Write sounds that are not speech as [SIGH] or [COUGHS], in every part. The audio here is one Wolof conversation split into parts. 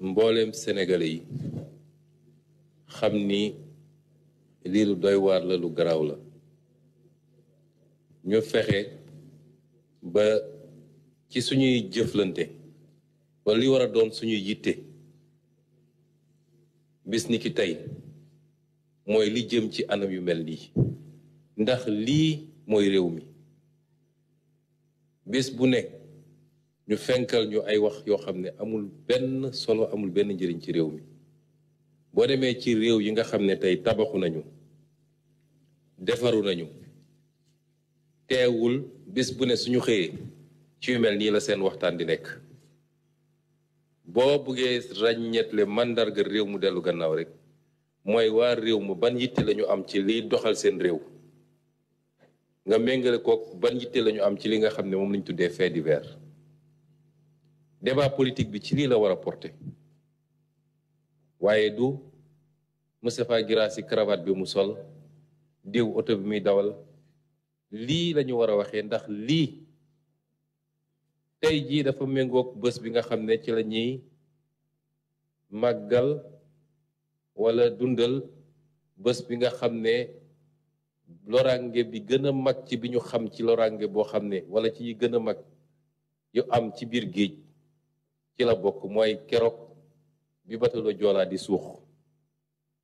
mboolem sénégalais yi xam ni lii lu doy waar la lu garaaw la ñu fexe ba ci suñuy jëflante wala li war a doon suñuy yitte bis ni ki tey mooy li jëm ci anam yu mel nii ndax lii mooy réew mi bis bu nekk ñu fenkal ñu ay wax yoo xam ne amul benn solo amul benn njëriñ ci réew mi boo demee ci réew yi nga xam ne tey tabaxu nañu defaru nañu teewul bés bu ne suñu xëyee ci yu mel nii la seen waxtaan di nekk boo bëggee ràññeetle màndarga réew mu dellu gannaaw rek mooy waar réew mu ban yitte lañu am ci liy doxal seen réew nga méngale kook ban yitte lañu am ci li nga xam ne moom lañ tuddee fait divers débat politique bi ci lii la war a porter waaye du Moustapha Guirassy cravate bi mu sol diw oto bi muy dawal lii lañu war a waxee ndax lii tey jii dafa méngoog bës bi nga xam ne ci la ñuy màggal wala dundal bés bi nga xam ne lorange bi gën a mag ci bi ñu xam ci lorange boo xam ne wala ci yi gën mag yu am ci biir géej ci la bokk mooy keroog bi batalo Joola di suux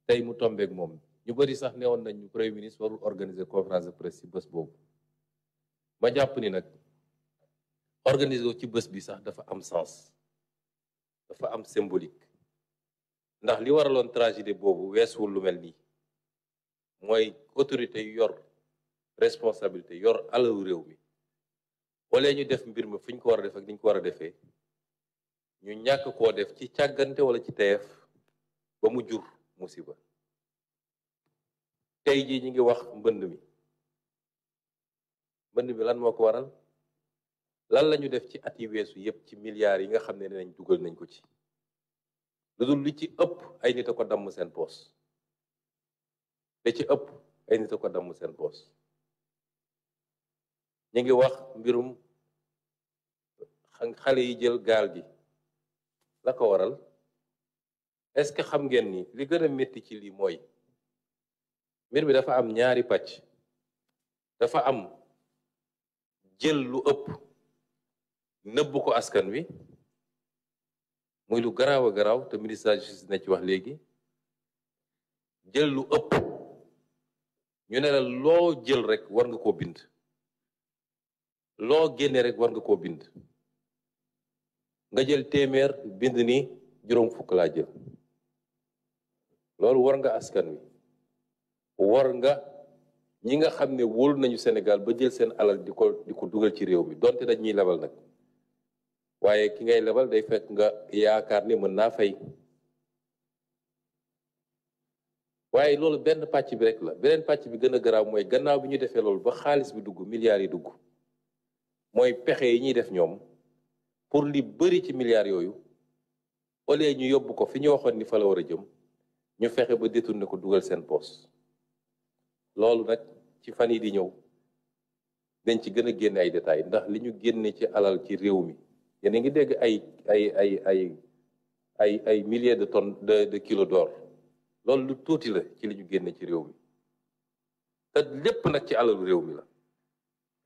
tey mu tombeek moom ñu bëri sax newoon nañ ñu premier ministre warul organiser conférence de presse ci bés boobu ma jàpp ni nag organiser ci bës bi sax dafa am sens dafa am symbolique ndax li waraloon tragédie boobu weesuwul lu mel nii mooy autorité yor responsabilité yor alalu réew mi wala ñu def mbir ma fi ñu ko war a def ak ni ñu ko war a defee ñu ñak ko def ci càggante wala ci teef ba mu jur musiba tay ji ñi ngi wax mbënd mi mbënd bi lan moko waral lan lañu def ci ati yi yépp ci milliards yi nga xamné nañ duggal nañ ko ci dudul li ci ëpp ay nit ko dam sen poos li ci ëpp ay nit ko dam sen ñi ngi wax mbirum yi jël gal gi la ko waral est-ce que xam ngeen ni li gën a métti ci lii mooy mbir mi dafa am ñaari pàcc dafa am jël lu ëpp nëbb ko askan wi muy lu garaaw a garaaw te ministre de la ci wax léegi jël lu ëpp ñu ne la loo jël rek war nga koo bind loo génne rek war nga koo bind nga jël témèr bind ni juroom fukk la jël loolu war nga askan wi war nga ñi nga xamné wul nañu Sénégal ba jël sen alal diko diko duggal ci réew mi donte dañ ñi lebal nak waye ki ngay lebal day fekk nga yaakar ni mën na fay waye loolu benn patch bi rek la benen patch bi gëna graw moy gannaaw bi ñu défé ba xaaliss bi dugg milliards yi dugg moy pexé yi ñi def ñom pour li bëri ci milliards yooyu au ñu yóbbu ko fi ñu waxoon ni fa la war a jëm ñu fexe ba détourné ko dugal seen poos loolu nag ci fan yi di ñëw dañ ci gën a génne ay détails ndax li ñu génne ci alal ci réew mi yéen a ngi dégg ay ay ay ay ay ay milliers de tonnes de de kilos d'or loolu lu tuuti la ci li ñu génne ci réew mi te lépp nag ci alalu réew mi la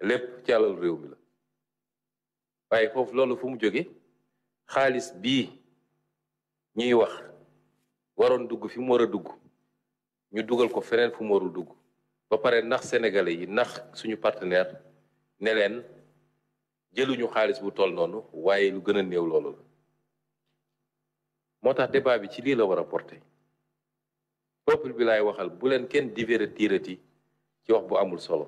lépp ci alalu réew mi la waaye foofu loolu fu mu jóge xaalis bii ñuy wax waroon dugg fi mu war a dugg ñu dugal ko feneen fu mu warul dugg ba pare nax sénégalais yi nax suñu partenaire ne leen jëluñu xaalis bu toll noonu waaye lu gën a néew loolu la moo tax débat bi ci lii la war a porter peuple bi laay waxal bu leen kenn divertirati ci wax bu amul solo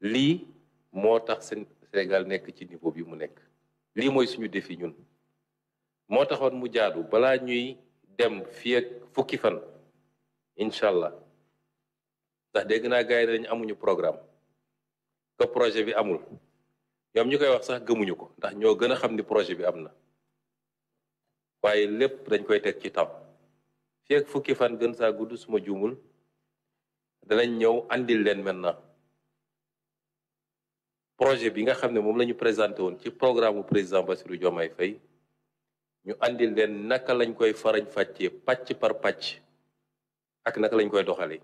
lii moo tax seen Sénégal nekk ci niveau bi mu nekk lii mooy suñu défi ñun moo taxoon mu jaadu balaa ñuy dem fii fukki fan incha allah ndax dégg naa gars dañ amuñu programme que projet bi amul ñoom ñu koy wax sax gëmuñu ko ndax ñoo gën a xam ni projet bi am na waaye lépp dañ koy teg ci taw fii fukki fan gën saa gudd suma jumul danañ ñëw andil leen maintenant projet bi nga xam ne moom lañu ñu woon ci programme mu président Bassirou Diomaye Faye ñu andi leen naka lañ koy farañ fàccee pàcc par pàcc ak naka lañ koy doxalee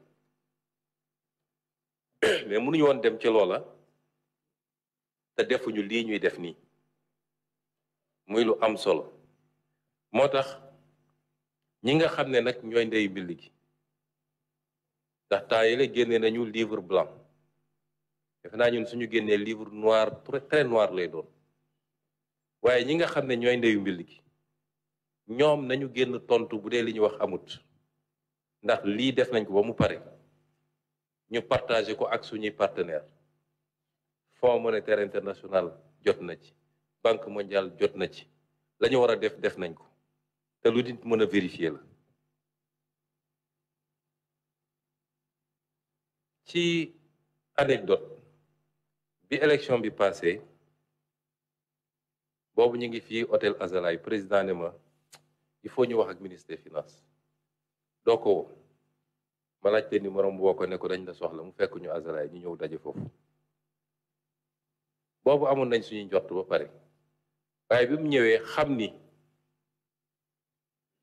[COUGHS] mais mënuñu woon dem ci loola te defuñu lii ñuy def nii muy lu am solo moo tax ñi nga xam ne nag ñooy ndeyu mbill gi ndax temps yële génne nañu livre blanc defe naa ñun suñu génnee livre noir très noir lay doon waaye ñi nga xam ne ñooy ndeyu mbill gi ñoom nañu génn tontu bu dee li ñu wax amut ndax lii def nañ ko ba mu pare ñu partagé ko ak suñuy partenaire Fonds monétaire international jot na ci Banque mondiale jot na ci la ñu war a def def nañ ko te lu nit mën a vérifier la ci anecdote bi élection bi passé boobu ñu ngi fii hôtel Azalai président ne ma il faut ñu wax ak ministre des finances doo ko woo ma laajte numéro am woo ko ne dañ la soxla mu fekkuñu ñu Azalai ñu ñëw daje foofu boobu amoon nañ suñu njort ba pare waaye bi mu ñëwee xam ni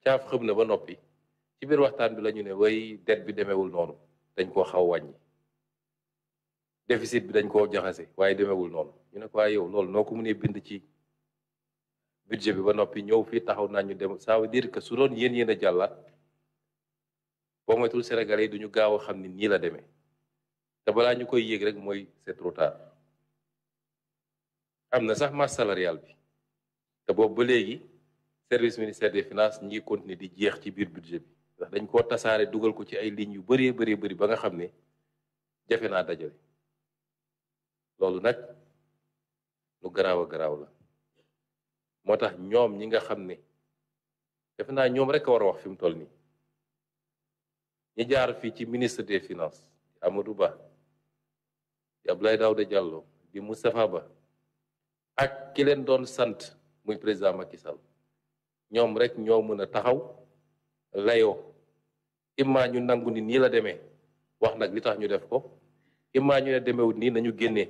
caaf xëm na ba noppi ci biir waxtaan bi la ñu ne way det bi demewul noonu dañ koo xaw wàññi déficit bi dañ koo jaxase waaye demewul noonu ñu ne ko waaye yow loolu noo ko ne bind ci budget bi ba noppi ñëw fii taxaw naa ñu dem ça veut dire que su doon yéen yéen a jàllaat boo moytul Sénégalais yi duñu gaaw a xam ni nii la demee te balaa ñu koy yéeg rek mooy c'est trop am na sax masse salariale bi te boobu ba léegi service ministère des finance ñi continuer di jeex ci biir budget bi ndax dañ koo tasaare dugal ko ci ay lignes yu bëree bëree bëri ba nga xam ne jafe naa dajale loolu nag lu garaaw a garaaw la moo tax ñoom ñi nga xam ne defe naa ñoom rek a war a wax fi mu toll nii ñi jaar fii ci ministre des finances Amadou Ba di Abdoulaye Daouda Diallo di Moustapha Ba ak ki leen doon sant muy président Macky Sall ñoom rek ñoo mën a taxaw layoo imma ñu nangu ni nii la demee wax nag li tax ñu def ko imma ñu ne demewut nii nañu génnee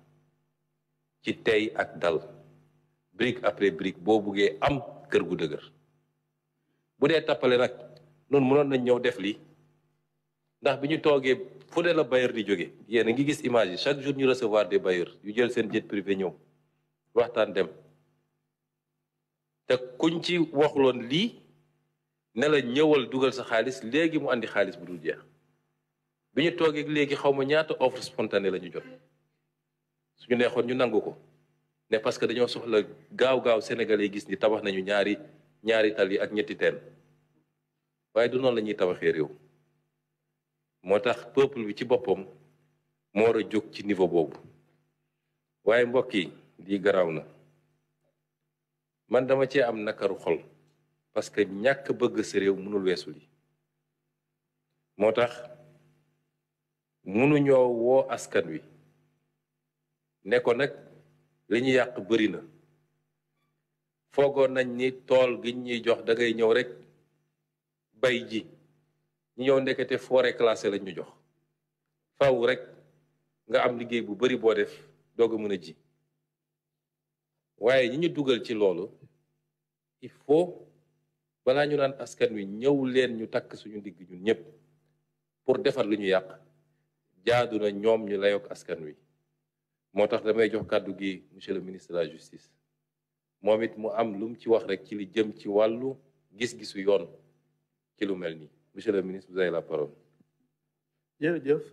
ci tey ak dal brique après brique boo buggee am kër gu dëgër bu dee tappale nag noonu mënoon nañ ñëw def lii ndax bi ñu toogee fu la bayeur di jóge yéen a ngi gis image yi chaque jour ñu recevoir des bayeurs yu jël seen jet privé ñëw waxtaan dem te kuñ ci waxuloon lii ne la ñëwal dugal sa xaalis léegi mu andi xaalis bu dul jeex bi ñu toogee léegi xaw ma ñaata offre spontanée la jot suñu neexoon ñu nangu ko ne parce que dañoo soxla gaaw-gaaw sénégalais gis ni tabax nañu ñaari ñaari tali ak ñetti teen waaye du noonu lañuy ñuy tabaxee réew moo tax peuple bi ci boppam moo war a jóg ci niveau boobu waaye mbokk yi lii garaaw na man dama cee am nakaru xol parce que ñàkk bëgg sa réew mënul weesu li moo tax mënuñoo woo askan wi ne ko nag li ñu yàq bëri na foogoon nañ ni tool gi ñuy jox dangay ñëw rek bay ji ñu ñëw ndekete forêt classée lañ ñu jox faw rek nga am liggéey bu bari boo def doog a mën a ji waaye ñu ñu dugal ci loolu il faut balaa ñu naan askan wi ñëw leen ñu takk suñu ndigg ñun ñëpp pour defar li ñu yàq jaadu na ñoom ñu layoog askan wi motax tax damay jox cadeau gi monsieur le ministre de la justice momit mu am lum ci wax rek ci li jëm ci walu gis-gisu yoon ci lu mel monsieur le ministre vous avez la parole. jërëjëf.